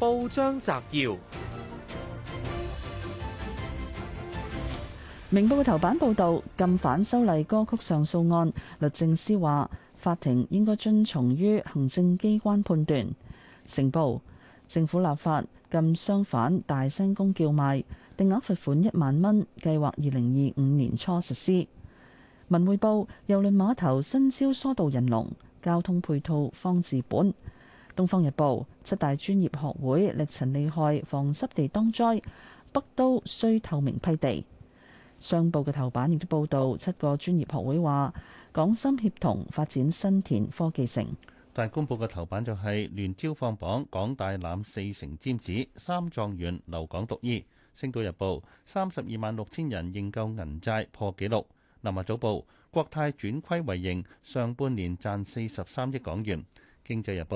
。報章摘要：明報嘅頭版報道，禁反修例歌曲上訴案，律政司話法庭應該遵從於行政機關判斷。成報，政府立法禁商販大聲公叫賣，定額罰款一萬蚊，計劃二零二五年初實施。文匯報郵輪碼頭新招疏導人龍，交通配套方治本。《東方日報》七大專業學會歷陳利害，防濕地當災；北都需透明批地。商報嘅頭版亦都報導，七個專業學會話：港深協同發展新田科技城。但公報嘅頭版就係聯招放榜，港大攬四成尖子，三狀元留港讀醫。《星島日報》三十二萬六千人認購銀債破紀錄。《南華早報》國泰轉虧為盈，上半年賺四十三億港元。《經濟日報》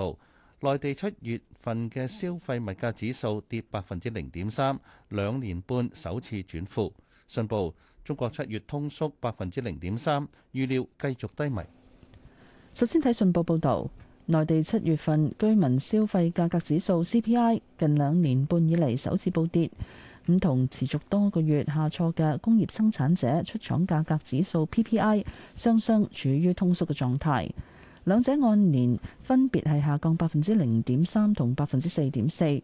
內地七月份嘅消費物價指數跌百分之零點三，兩年半首次轉負。信報：中國七月通縮百分之零點三，預料繼續低迷。首先睇信報報導，內地七月份居民消費價格指數 CPI 近兩年半以嚟首次暴跌，咁同持續多個月下挫嘅工業生產者出廠價格指數 PPI 雙雙處於通縮嘅狀態。兩者按年分別係下降百分之零點三同百分之四點四。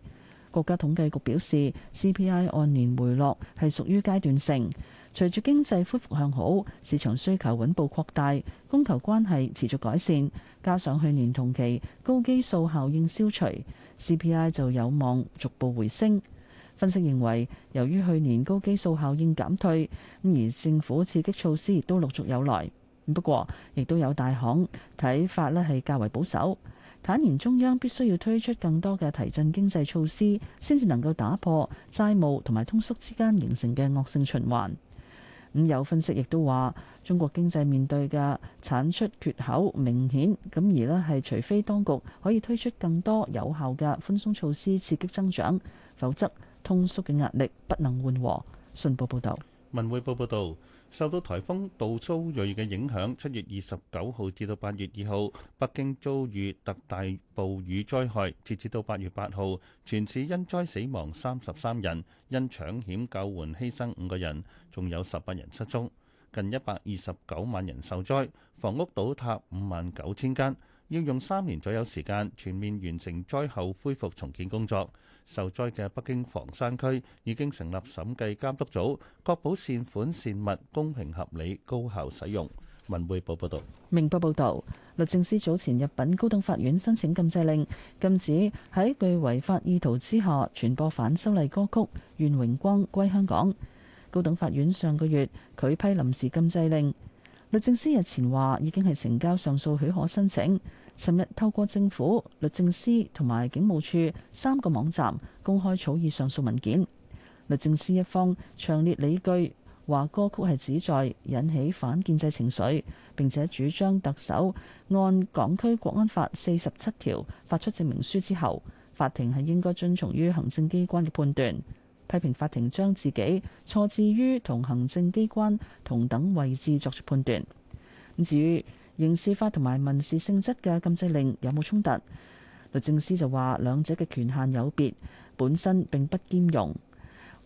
國家統計局表示，CPI 按年回落係屬於階段性。隨住經濟恢復向好，市場需求穩步擴大，供求關係持續改善，加上去年同期高基數效應消除，CPI 就有望逐步回升。分析認為，由於去年高基數效應減退，而政府刺激措施亦都陸續有來。不過，亦都有大行睇法呢係較為保守。坦言，中央必須要推出更多嘅提振經濟措施，先至能夠打破債務同埋通縮之間形成嘅惡性循環。咁、嗯、有分析亦都話，中國經濟面對嘅產出缺口明顯，咁而呢係除非當局可以推出更多有效嘅寬鬆措施刺激增長，否則通縮嘅壓力不能緩和。信報報道。文匯報報導。受到颱風杜蘇芮嘅影響，七月二十九號至到八月二號，北京遭遇特大暴雨災害。截至到八月八號，全市因災死亡三十三人，因搶險救援犧牲五個人，仲有十八人失蹤，近一百二十九萬人受災，房屋倒塌五萬九千間。要用三年左右時間全面完成災後恢復重建工作。受災嘅北京房山區已經成立審計監督組，確保善款善物公平合理高效使用。文匯報報導。明報報導，律政司早前入禀高等法院申請禁制令，禁止喺具違法意圖之下傳播反修例歌曲《願榮光歸香港》，高等法院上個月拒批臨時禁制令。律政司日前話已經係呈交上訴許可申請。尋日透過政府律政司同埋警務處三個網站公開草擬上述文件，律政司一方強烈理據，話歌曲係旨在引起反建制情緒，並且主張特首按港區國安法四十七條發出證明書之後，法庭係應該遵從於行政機關嘅判斷，批評法庭將自己錯置於同行政機關同等位置作出判斷。至於刑事法同埋民事性質嘅禁制令有冇衝突？律政司就話，兩者嘅權限有別，本身並不兼容。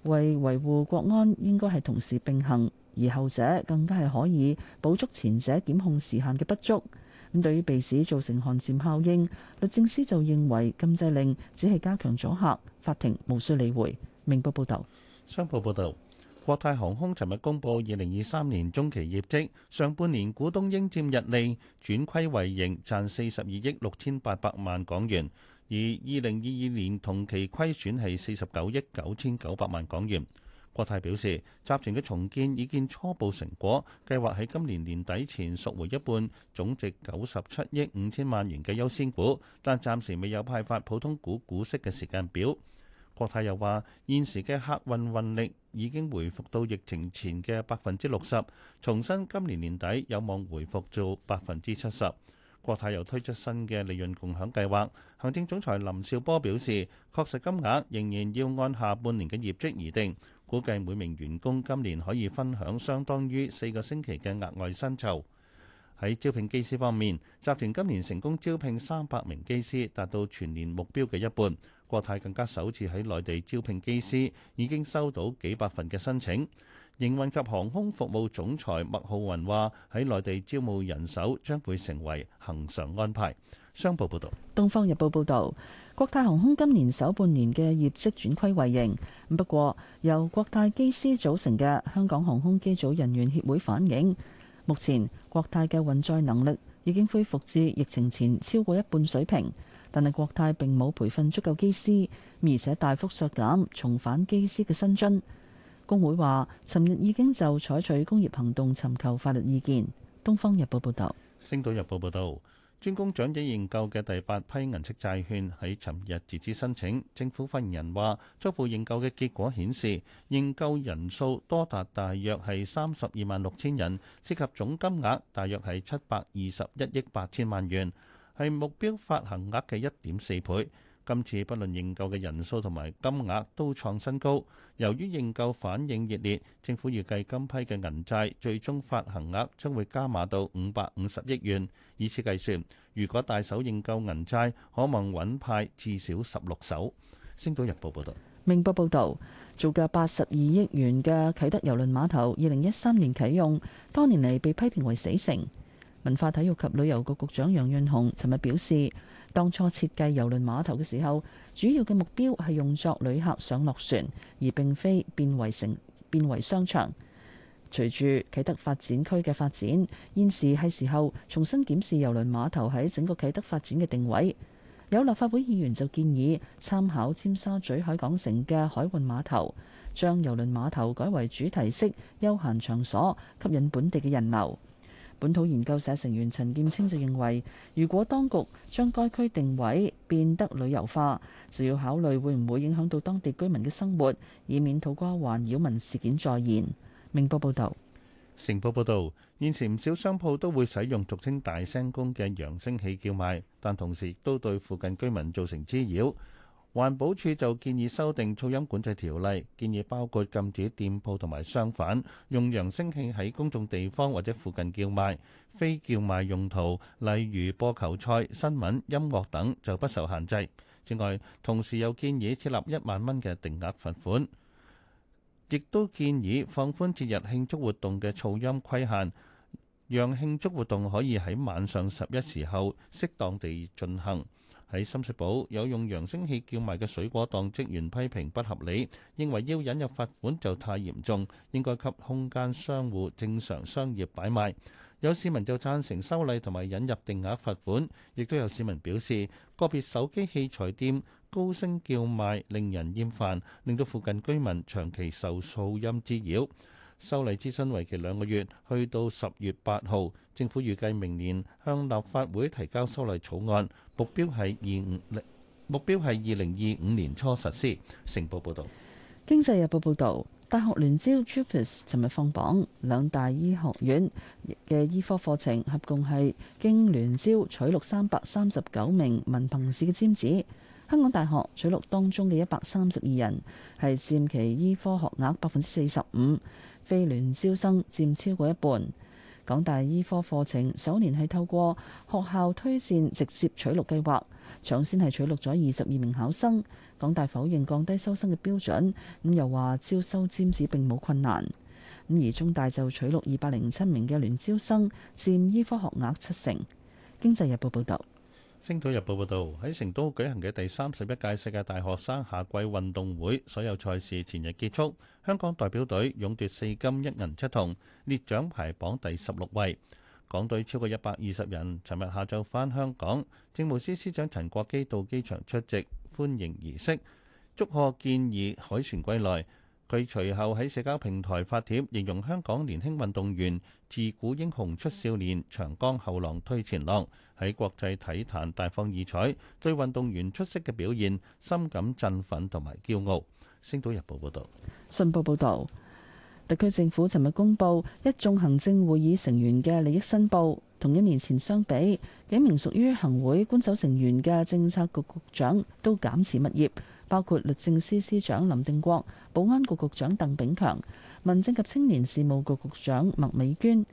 為維護國安，應該係同時並行，而後者更加係可以補足前者檢控時限嘅不足。咁對於被指造成寒蟬效應，律政司就認為禁制令只係加強阻吓，法庭無需理會明報報道。商報報道。國泰航空尋日公佈二零二三年中期業績，上半年股東應佔溢利轉虧為盈，賺四十二億六千八百萬港元，而二零二二年同期虧損係四十九億九千九百萬港元。國泰表示，集團嘅重建已見初步成果，計劃喺今年年底前贖回一半總值九十七億五千萬元嘅優先股，但暫時未有派發普通股股息嘅時間表。國泰又話，現時嘅客運運力已經回復到疫情前嘅百分之六十，重申今年年底有望回復做百分之七十。國泰又推出新嘅利潤共享計劃。行政總裁林紹波表示，確實金額仍然要按下半年嘅業績而定，估計每名員工今年可以分享相當於四個星期嘅額外薪酬。喺招聘機師方面，集團今年成功招聘三百名機師，達到全年目標嘅一半。國泰更加首次喺內地招聘機師，已經收到幾百份嘅申請。營運及航空服務總裁麥浩雲話：喺內地招募人手將會成為恆常安排。商報報道，《東方日報》報道，國泰航空今年首半年嘅業績轉虧為盈。不過，由國泰機師組成嘅香港航空機組人員協會反映，目前國泰嘅運載能力已經恢復至疫情前超過一半水平。但係國泰並冇培訓足夠機師，而且大幅削減重返機師嘅薪津。工會話：，尋日已經就採取工業行動尋求法律意見。《東方日報》報道，《星島日報》報道，專攻長者認購嘅第八批銀色債券喺尋日截止申請。政府發言人話：，初步認購嘅結果顯示，認購人數多達大約係三十二萬六千人，涉及總金額大約係七百二十一億八千萬元。係目標發行額嘅一點四倍，今次不論認購嘅人數同埋金額都創新高。由於認購反應熱烈，政府預計今批嘅銀債最終發行額將會加碼到五百五十億元。以此計算，如果大手認購銀債，可望穩派至少十六手。星島日報報道：「明報報道，造價八十二億元嘅啟德郵輪碼頭，二零一三年啟用，多年嚟被批評為死城。文化體育及旅遊局局長楊潤雄尋日表示，當初設計郵輪碼頭嘅時候，主要嘅目標係用作旅客上落船，而並非變為成變為商場。隨住啟德發展區嘅發展，現時係時候重新檢視郵輪碼頭喺整個啟德發展嘅定位。有立法會議員就建議參考尖沙咀海港城嘅海運碼頭，將郵輪碼頭改為主題式休閒場所，吸引本地嘅人流。本土研究社成員陳劍青就認為，如果當局將該區定位變得旅遊化，就要考慮會唔會影響到當地居民嘅生活，以免土瓜灣擾民事件再現。明報報道，成報報道，現時唔少商鋪都會使用俗稱大聲公嘅揚聲器叫賣，但同時亦都對附近居民造成滋擾。環保署就建議修訂噪音管制條例，建議包括禁止店鋪同埋商販用揚聲器喺公眾地方或者附近叫賣，非叫賣用途，例如播球賽、新聞、音樂等就不受限制。此外，同時又建議設立一萬蚊嘅定額罰款，亦都建議放寬節日慶祝活動嘅噪音規限，讓慶祝活動可以喺晚上十一時後適當地進行。喺深水埗有用揚聲器叫賣嘅水果檔職員批評不合理，認為要引入罰款就太嚴重，應該給空間商戶正常商業擺賣。有市民就贊成修例同埋引入定額罰款，亦都有市民表示，個別手機器材店高聲叫賣令人厭煩，令到附近居民長期受噪音滋擾。修例諮詢為期兩個月，去到十月八號。政府預計明年向立法會提交修例草案，目標係二五，目標係二零二五年初實施。成報報導，《經濟日報》報導，大學聯招 JUPAS 尋日放榜，兩大醫學院嘅醫科課程合共係經聯招取錄三百三十九名文憑試嘅尖子。香港大學取錄當中嘅一百三十二人，係佔其醫科學額百分之四十五。非聯招生佔超過一半，港大醫科課程首年係透過學校推薦直接取錄計劃，搶先係取錄咗二十二名考生。港大否認降低收生嘅標準，咁又話招收尖子並冇困難。咁而中大就取錄二百零七名嘅聯招生，佔醫科學額七成。經濟日報報導。星島日報報道，喺成都舉行嘅第三十一屆世界大學生夏季運動會所有賽事前日結束，香港代表隊勇奪四金一銀七銅，列獎牌榜第十六位。港隊超過一百二十人，尋日下晝返香港，政務司司長陳國基到機場出席歡迎儀式，祝賀健兒凱旋歸來。佢隨後喺社交平台發帖，形容香港年輕運動員自古英雄出少年，長江後浪推前浪，喺國際體壇大放異彩，對運動員出色嘅表現深感振奮同埋驕傲。星島日報報道：「信報報道，特區政府尋日公布一眾行政會議成員嘅利益申報，同一年前相比，幾名屬於行會官守成員嘅政策局局長都減持物業。包括律政司司長林定國、保安局局長鄧炳強、民政及青年事務局局長麥美娟。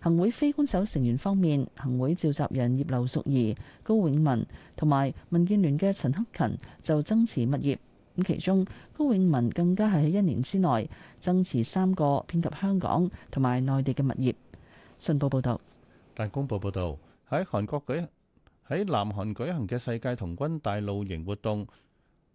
行會非官守成員方面，行會召集人葉劉淑儀、高永文同埋民建聯嘅陳克勤就增持物業。咁其中高永文更加係喺一年之內增持三個遍及香港同埋內地嘅物業。信報報道，大公報報道，喺韓國舉喺南韓舉行嘅世界童軍大露營活動。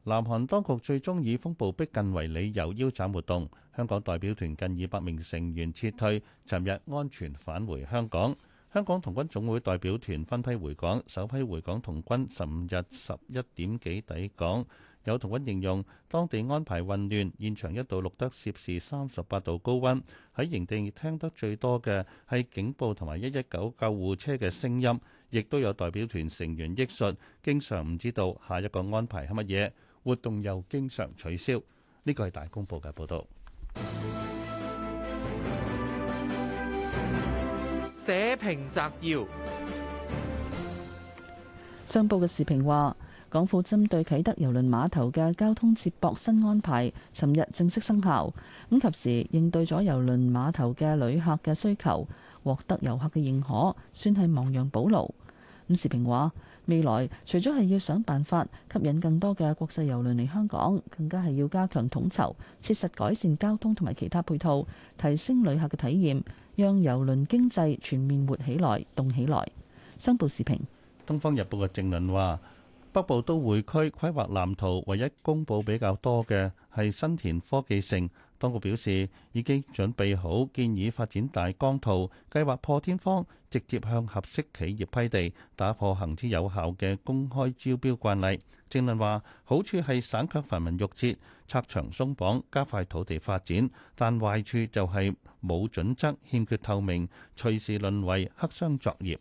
南韓當局最終以風暴逼近為理由腰斬活動，香港代表團近二百名成員撤退，尋日安全返回香港。香港童軍總會代表團分批回港，首批回港童軍十五日十一點幾抵港。有童軍形容當地安排混亂，現場一度錄得攝氏三十八度高溫。喺營地聽得最多嘅係警報同埋一一九救護車嘅聲音，亦都有代表團成員憶述，經常唔知道下一個安排係乜嘢。活動又經常取消，呢個係大公報嘅報道。社評摘要，商報嘅視頻話，港府針對啟德郵輪碼頭嘅交通接駁新安排，尋日正式生效，咁及時應對咗郵輪碼頭嘅旅客嘅需求，獲得遊客嘅認可，算係亡羊補牢。時評話：未來除咗係要想辦法吸引更多嘅國際郵輪嚟香港，更加係要加強統籌，切實改善交通同埋其他配套，提升旅客嘅體驗，讓郵輪經濟全面活起來、動起來。商報時評：《東方日報》嘅正論話，北部都會區規劃藍圖唯一公布比較多嘅係新田科技城。當局表示已經準備好，建議發展大綱圖計劃破天荒直接向合適企業批地，打破行之有效嘅公開招標慣例。正論話好處係省卻繁文縟節，拆牆鬆綁，加快土地發展，但壞處就係冇準則，欠缺透明，隨時淪為黑箱作業。《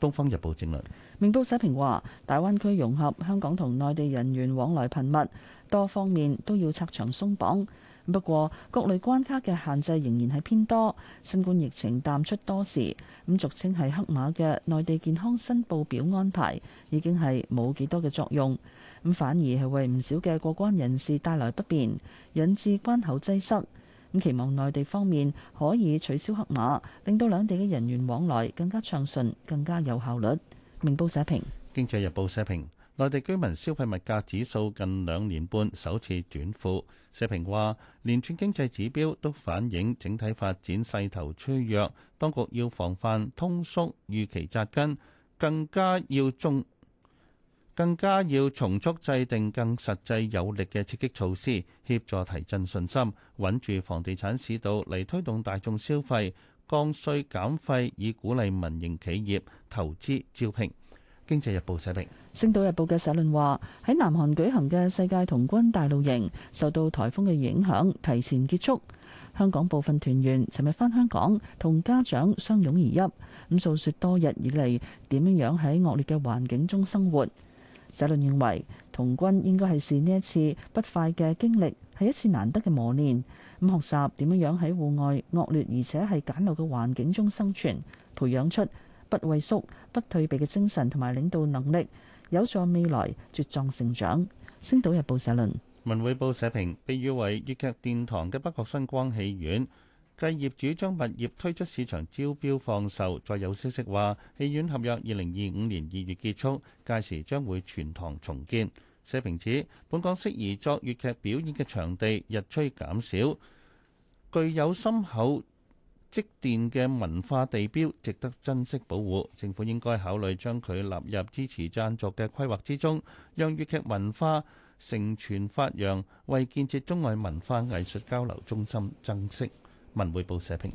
東方日報》正論，明報社評話大灣區融合，香港同內地人員往來頻密，多方面都要拆牆鬆綁。不過，各類關卡嘅限制仍然係偏多。新冠疫情淡出多時，咁俗稱係黑碼嘅內地健康申報表安排已經係冇幾多嘅作用，咁反而係為唔少嘅過關人士帶來不便，引致關口擠塞。咁期望內地方面可以取消黑碼，令到兩地嘅人員往來更加暢順，更加有效率。明報社評。《經濟日報》社評。內地居民消費物價指數近兩年半首次轉負，社評話連串經濟指標都反映整體發展勢頭趨弱，當局要防範通縮預期紮根，更加要重更加要重速制定更實際有力嘅刺激措施，協助提振信心，穩住房地產市道嚟推動大眾消費，降稅減費以鼓勵民營企業投資招聘。《星島日報》嘅社論話：喺南韓舉行嘅世界童軍大露營受到颱風嘅影響，提前結束。香港部分團員尋日返香港，同家長相擁而泣，咁訴説多日以嚟點樣樣喺惡劣嘅環境中生活。社論認為，童軍應該係試呢一次不快嘅經歷，係一次難得嘅磨練，咁學習點樣樣喺戶外惡劣而且係簡陋嘅環境中生存，培養出。不畏縮、不退避嘅精神同埋領導能力，有助未來茁壯成長。星島日報社論。文匯報社評，被譽為粵劇殿堂嘅北角新光戲院，繼業主將物業推出市場招標放售，再有消息話戲院合約二零二五年二月結束，屆時將會全堂重建。社評指，本港適宜作粵劇表演嘅場地日趨減少，具有深厚積澱嘅文化地標值得珍惜保護，政府應該考慮將佢納入支持贊助嘅規劃之中，讓粵劇文化承傳發揚，為建設中外文化藝術交流中心增色。文匯報社評。